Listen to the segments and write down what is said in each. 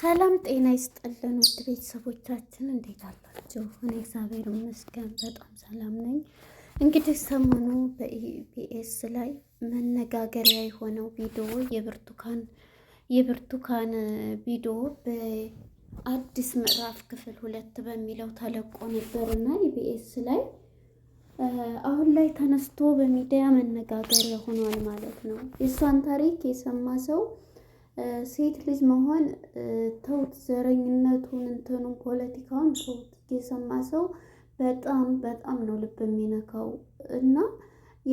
ሰላም ጤና ይስጥልን ውድ ቤተሰቦቻችን እንዴት አላችሁ? እኔ እግዚአብሔር ይመስገን በጣም ሰላም ነኝ። እንግዲህ ሰሞኑ በኢቢኤስ ላይ መነጋገሪያ የሆነው ቪዲዮ የብርቱካን የብርቱካን ቪዲዮ በአዲስ ምዕራፍ ክፍል ሁለት በሚለው ተለቆ ነበርና ኢቢኤስ ላይ አሁን ላይ ተነስቶ በሚዲያ መነጋገሪያ ሆኗል ማለት ነው። የእሷን ታሪክ የሰማ ሰው ሴት ልጅ መሆን ተውት፣ ዘረኝነቱን እንትኑን ፖለቲካውን ተውት። የሰማ ሰው በጣም በጣም ነው ልብ የሚነካው እና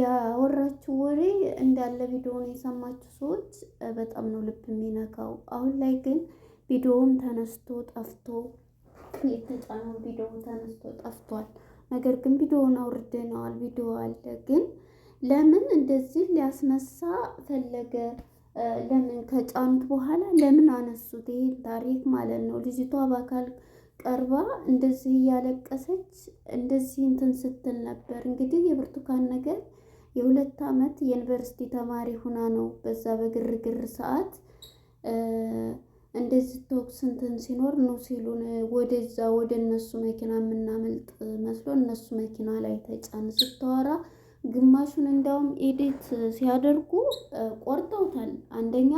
ያወራችው ወሬ እንዳለ ቪዲዮውን የሰማችሁ ሰዎች በጣም ነው ልብ የሚነካው። አሁን ላይ ግን ቪዲዮውም ተነስቶ ጠፍቶ የተጫነው ቪዲዮ ተነስቶ ጠፍቷል። ነገር ግን ቪዲዮውን አውርደነዋል። ቪዲዮ አለ ግን ለምን እንደዚህ ሊያስነሳ ፈለገ? ለምን ከጫኑት በኋላ ለምን አነሱት? ይሄን ታሪክ ማለት ነው። ልጅቷ በአካል ቀርባ እንደዚህ እያለቀሰች እንደዚህ እንትን ስትል ነበር። እንግዲህ የብርቱካን ነገር የሁለት ዓመት የዩኒቨርሲቲ ተማሪ ሁና ነው በዛ በግርግር ሰዓት እንደዚህ ተኩስ እንትን ሲኖር ነው ሲሉን ወደዛ ወደ እነሱ መኪና የምናመልጥ መስሎ እነሱ መኪና ላይ ተጫን ስታወራ ግማሹን እንዲያውም ኤዲት ሲያደርጉ ቆርጠውታል። አንደኛ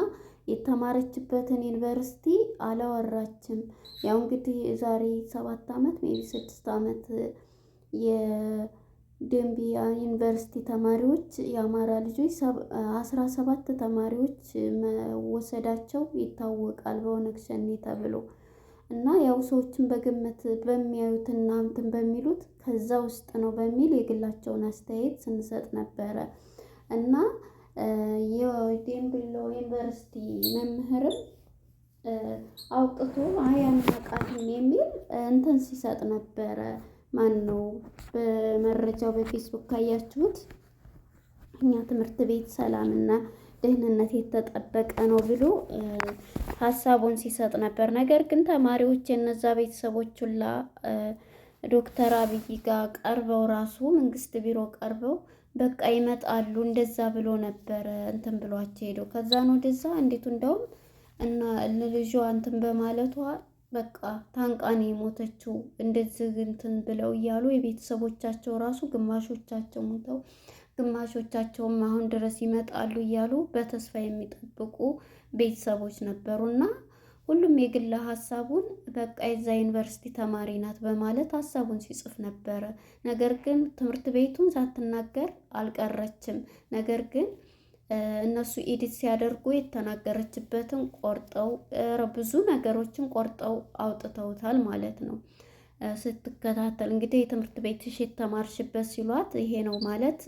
የተማረችበትን ዩኒቨርሲቲ አላወራችም። ያው እንግዲህ ዛሬ ሰባት ዓመት ሜቢ ስድስት ዓመት የደንቢያ ዩኒቨርሲቲ ተማሪዎች የአማራ ልጆች አስራ ሰባት ተማሪዎች መወሰዳቸው ይታወቃል በኦነግ ሸኔ ተብሎ እና ያው ሰዎችን በግምት በሚያዩትና እንትን በሚሉት ከዛ ውስጥ ነው በሚል የግላቸውን አስተያየት ስንሰጥ ነበረ እና የዴንብሎ ዩኒቨርሲቲ መምህርም አውቅቶ አይ አናቃትም የሚል እንትን ሲሰጥ ነበረ። ማን ነው በመረጃው በፌስቡክ ካያችሁት እኛ ትምህርት ቤት ሰላምና ደህንነት የተጠበቀ ነው ብሎ ሀሳቡን ሲሰጥ ነበር። ነገር ግን ተማሪዎች የነዛ ቤተሰቦች ሁላ ዶክተር አብይ ጋር ቀርበው ራሱ መንግስት ቢሮ ቀርበው በቃ ይመጣሉ እንደዛ ብሎ ነበረ እንትን ብሏቸው ሄደው ነው ወደዛ እንዴቱ እንደውም እና ልጇ እንትን በማለቷ በቃ ታንቃኔ የሞተችው እንደዚህ እንትን ብለው እያሉ የቤተሰቦቻቸው ራሱ ግማሾቻቸው ሞተው ግማሾቻቸውም አሁን ድረስ ይመጣሉ እያሉ በተስፋ የሚጠብቁ ቤተሰቦች ነበሩና ሁሉም የግል ሀሳቡን በቃ የዛ ዩኒቨርሲቲ ተማሪ ናት በማለት ሀሳቡን ሲጽፍ ነበረ። ነገር ግን ትምህርት ቤቱን ሳትናገር አልቀረችም። ነገር ግን እነሱ ኤዲት ሲያደርጉ የተናገረችበትን ቆርጠው ብዙ ነገሮችን ቆርጠው አውጥተውታል ማለት ነው። ስትከታተል እንግዲህ የትምህርት ቤትሽ የተማርሽበት ሲሏት ይሄ ነው ማለት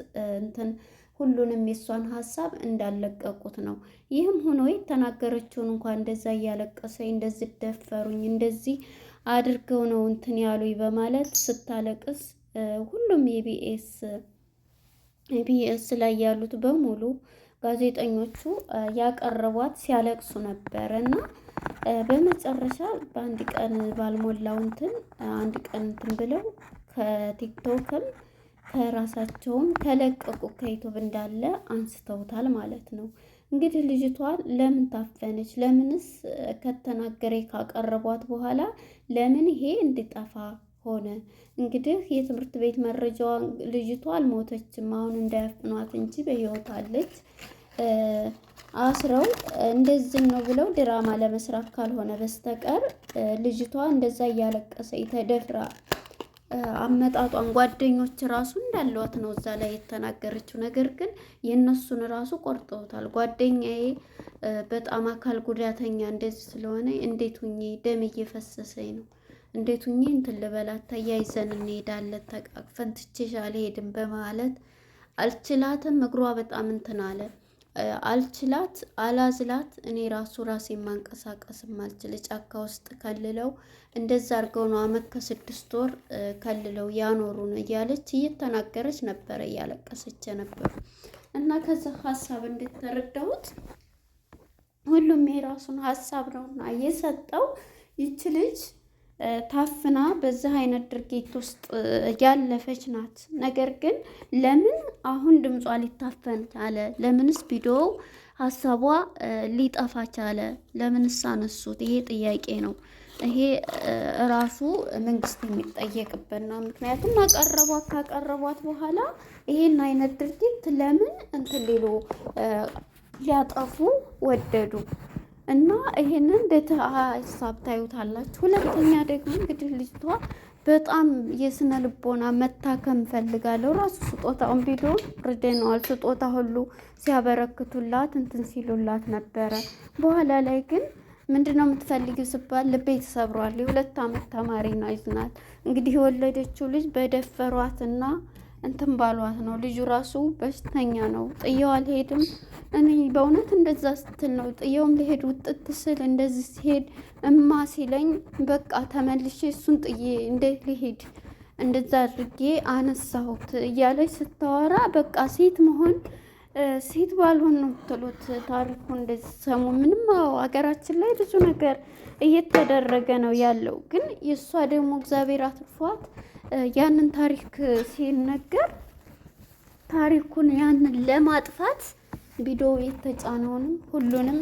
እንትን ሁሉንም የሷን ሀሳብ እንዳለቀቁት ነው። ይህም ሆኖ የተናገረችውን እንኳን እንደዛ እያለቀሰኝ እንደዚህ ደፈሩኝ፣ እንደዚህ አድርገው ነው እንትን ያሉኝ በማለት ስታለቅስ ሁሉም የቢኤስ ቢኤስ ላይ ያሉት በሙሉ ጋዜጠኞቹ ያቀረቧት ሲያለቅሱ ነበር እና በመጨረሻ በአንድ ቀን ባልሞላው እንትን አንድ ቀን እንትን ብለው ከቲክቶክም ከራሳቸውም ተለቀቁ ከዩቱብ እንዳለ አንስተውታል ማለት ነው። እንግዲህ ልጅቷ ለምን ታፈነች? ለምንስ ከተናገረ ካቀረቧት በኋላ ለምን ይሄ እንዲጠፋ ሆነ? እንግዲህ የትምህርት ቤት መረጃዋ ልጅቷ አልሞተችም፣ አሁን እንዳያፍኗት እንጂ በህይወት አለች። አስረው እንደዚህ ነው ብለው ድራማ ለመስራት ካልሆነ በስተቀር ልጅቷ እንደዛ እያለቀሰ ተደፍራ አመጣጧን ጓደኞች ራሱ እንዳለዋት ነው እዛ ላይ የተናገረችው። ነገር ግን የእነሱን ራሱ ቆርጠውታል። ጓደኛዬ በጣም አካል ጉዳተኛ እንደዚህ ስለሆነ እንዴት ሁኜ ደም እየፈሰሰኝ ነው እንዴት ሁኜ እንትን ልበላት ተያይዘን እንሄዳለን ተቃቅፈን ትቼሻል ሄድን በማለት አልችላትም። እግሯ በጣም እንትን አለን። አልችላት አላዝላት እኔ ራሱ ራሴ ማንቀሳቀስም አልችል ጫካ ውስጥ ከልለው እንደዛ አድርገው ነው አመት ከስድስት ወር ከልለው ያኖሩን እያለች እየተናገረች ነበረ፣ እያለቀሰች ነበር። እና ከዛ ሀሳብ እንደተረዳሁት ሁሉም የራሱን ሀሳብ ነውና የሰጠው ይች ልጅ ታፍና በዚህ አይነት ድርጊት ውስጥ ያለፈች ናት። ነገር ግን ለምን አሁን ድምጿ ሊታፈን ቻለ? ለምንስ ቪዲዮ ሀሳቧ ሊጠፋ ቻለ? ለምንስ አነሱት? ይሄ ጥያቄ ነው። ይሄ እራሱ መንግስት የሚጠየቅበት ነው። ምክንያቱም አቀረቧት ካቀረቧት በኋላ ይሄን አይነት ድርጊት ለምን እንትን ሊሉ ሊያጠፉ ወደዱ? እና ይሄንን እንዴት ሀሳብ ታዩታላችሁ? ሁለተኛ ደግሞ እንግዲህ ልጅቷ በጣም የስነ ልቦና መታከም ፈልጋለሁ። ራሱ ስጦታውን ቪዲዮ ርደነዋል። ስጦታ ሁሉ ሲያበረክቱላት እንትን ሲሉላት ነበረ። በኋላ ላይ ግን ምንድነው የምትፈልጊው ስባል ልቤ ተሰብሯል። የሁለት ዓመት ተማሪ ነው ይዝናል። እንግዲህ የወለደችው ልጅ በደፈሯትና እንትን ባሏት ነው። ልጁ ራሱ በሽተኛ ነው። ጥየው አልሄድም። እኔ በእውነት እንደዛ ስትል ነው ጥየውም ሊሄድ ውጥት ስል እንደዚህ ሲሄድ እማ ሲለኝ በቃ ተመልሼ እሱን ጥዬ እንዴት ሊሄድ እንደዛ አድርጌ አነሳሁት እያለች ስታወራ በቃ ሴት መሆን ሴት ባልሆን ነው የምትሉት። ታሪኩ እንደዚህ ሰሙ ምንም ሀገራችን ላይ ብዙ ነገር እየተደረገ ነው ያለው። ግን የእሷ ደግሞ እግዚአብሔር አትርፏት ያንን ታሪክ ሲነገር ታሪኩን ያንን ለማጥፋት ቪዲዮ የተጫነውንም ሁሉንም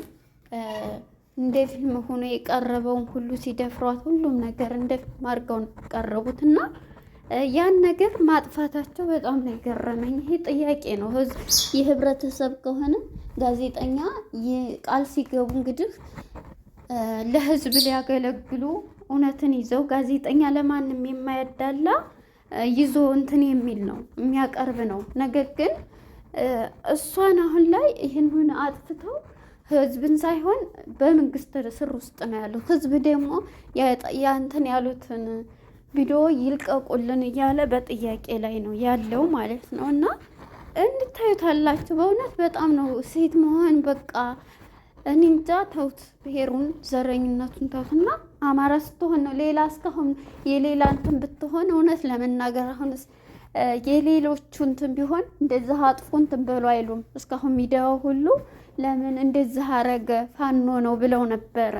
እንደ ፊልም ሆኖ የቀረበውን ሁሉ ሲደፍሯት ሁሉም ነገር እንደ ፊልም አድርገው ቀረቡት እና ያን ነገር ማጥፋታቸው በጣም ነው የገረመኝ። ይሄ ጥያቄ ነው ህዝብ የህብረተሰብ ከሆነ ጋዜጠኛ ቃል ሲገቡ እንግዲህ ለህዝብ ሊያገለግሉ እውነትን ይዘው ጋዜጠኛ ለማንም የማያዳላ ይዞ እንትን የሚል ነው የሚያቀርብ ነው። ነገር ግን እሷን አሁን ላይ ይህንን አጥፍተው ህዝብን ሳይሆን በመንግስት ስር ውስጥ ነው ያሉት። ህዝብ ደግሞ ያንትን ያሉትን ቪዲዮ ይልቀቁልን እያለ በጥያቄ ላይ ነው ያለው ማለት ነው። እና እንታዩታላችሁ። በእውነት በጣም ነው ሴት መሆን በቃ እኔ እንጃ። ተውት፣ ብሔሩን ዘረኝነቱን ተውትና አማራ ስትሆን ነው። ሌላ እስካሁን የሌላ እንትን ብትሆን እውነት ለመናገር አሁንስ የሌሎቹ እንትን ቢሆን እንደዛ አጥፎ እንትን ብሎ አይሉም። እስካሁን ሚዲያው ሁሉ ለምን እንደዛ አረገ ፋኖ ነው ብለው ነበረ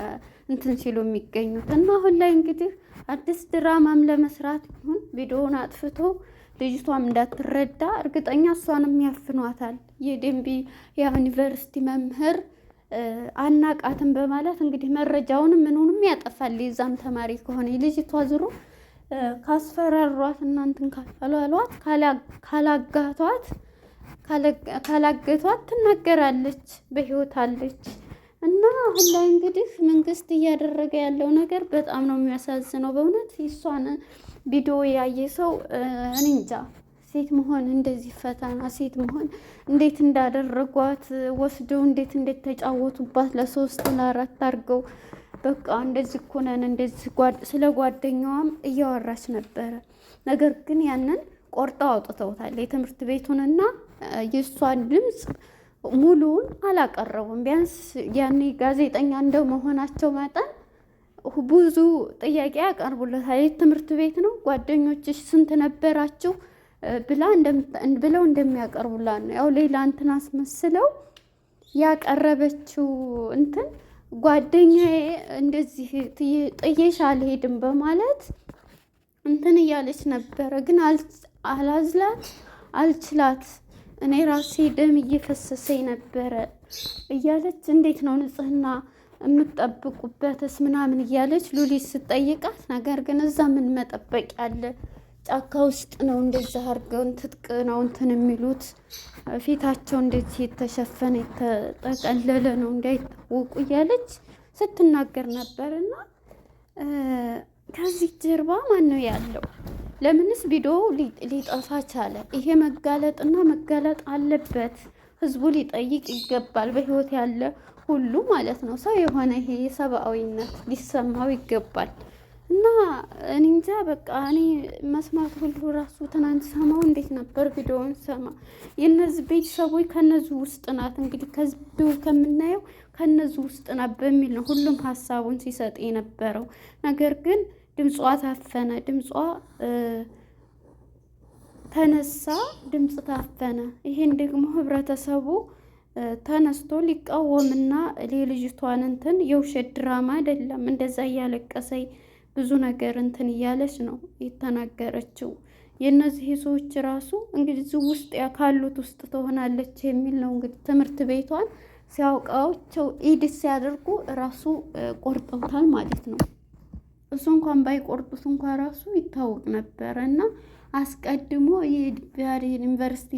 እንትን ሲሉ የሚገኙት እና አሁን ላይ እንግዲህ አዲስ ድራማም ለመስራት ይሁን ቪዲዮውን አጥፍቶ ልጅቷም እንዳትረዳ እርግጠኛ እሷንም ያፍኗታል። የደንቢ የዩኒቨርሲቲ መምህር አናቃትም በማለት እንግዲህ መረጃውንም ምኑንም ያጠፋል። የዛም ተማሪ ከሆነ ልጅቷ ዙሮ ካስፈራሯት እናንትን ካፈሏሏት ካላጋቷት ካላገቷት ትናገራለች፣ በህይወት አለች። እና አሁን ላይ እንግዲህ መንግስት እያደረገ ያለው ነገር በጣም ነው የሚያሳዝነው። በእውነት ይሷን ቪዲዮ ያየ ሰው እኔ እንጃ ሴት መሆን እንደዚህ ፈተና፣ ሴት መሆን እንዴት እንዳደረጓት ወስደው እንዴት እንዴት ተጫወቱባት ለሶስት ለአራት አድርገው በቃ እንደዚህ እኮ ነን እንደዚህ ስለ ጓደኛዋም እያወራች ነበረ። ነገር ግን ያንን ቆርጠው አውጥተውታል። የትምህርት ቤቱንና የእሷን ድምፅ ሙሉውን አላቀረቡም። ቢያንስ ያኔ ጋዜጠኛ እንደመሆናቸው መሆናቸው መጠን ብዙ ጥያቄ ያቀርቡለታል። የት ትምህርት ቤት ነው? ጓደኞችሽ ስንት ነበራችሁ? ብለው እንደሚያቀርቡላት ነው። ያው ሌላ እንትን አስመስለው ያቀረበችው እንትን ጓደኛዬ እንደዚህ ጥዬሽ አልሄድም በማለት እንትን እያለች ነበረ። ግን አላዝላት አልችላት እኔ ራሴ ደም እየፈሰሰኝ ነበረ እያለች እንዴት ነው ንጽህና የምትጠብቁበትስ ምናምን እያለች ሉሊት ስጠይቃት፣ ነገር ግን እዛ ምን መጠበቅ ያለ ጫካ ውስጥ ነው እንደዛ አድርገው ትጥቅ ነው እንትን የሚሉት። ፊታቸው እንደዚህ የተሸፈነ የተጠቀለለ ነው እንዳይታወቁ እያለች ስትናገር እና ከዚህ ጀርባ ማን ነው ያለው? ለምንስ ቪዲዮ ሊጠፋ ቻለ? ይሄ መጋለጥና መጋለጥ አለበት። ህዝቡ ሊጠይቅ ይገባል። በህይወት ያለ ሁሉ ማለት ነው ሰው የሆነ ይሄ የሰብአዊነት ሊሰማው ይገባል። እና እኔ እንጃ በቃ እኔ መስማት ሁሉ ራሱ ትናንት ሰማው እንዴት ነበር ቪዲዮውን ሰማ። የእነዚህ ቤተሰቦች ከነዚህ ውስጥ ናት እንግዲህ ከዚሁ ከምናየው ከነዚህ ውስጥ ናት በሚል ነው ሁሉም ሀሳቡን ሲሰጥ የነበረው። ነገር ግን ድምጿ ታፈነ፣ ድምጿ ተነሳ፣ ድምፅ ታፈነ። ይሄን ደግሞ ህብረተሰቡ ተነስቶ ሊቃወምና የልጅቷን እንትን የውሸት ድራማ አይደለም እንደዛ እያለቀሰኝ ብዙ ነገር እንትን እያለች ነው የተናገረችው። የእነዚህ ሰዎች ራሱ እንግዲህ ውስጥ ካሉት ውስጥ ትሆናለች የሚል ነው እንግዲህ ትምህርት ቤቷን ሲያውቃቸው ኢድ ሲያደርጉ ራሱ ቆርጠውታል ማለት ነው። እሱ እንኳን ባይቆርጡት እንኳን ራሱ ይታወቅ ነበረ እና አስቀድሞ የባህር ዩኒቨርሲቲ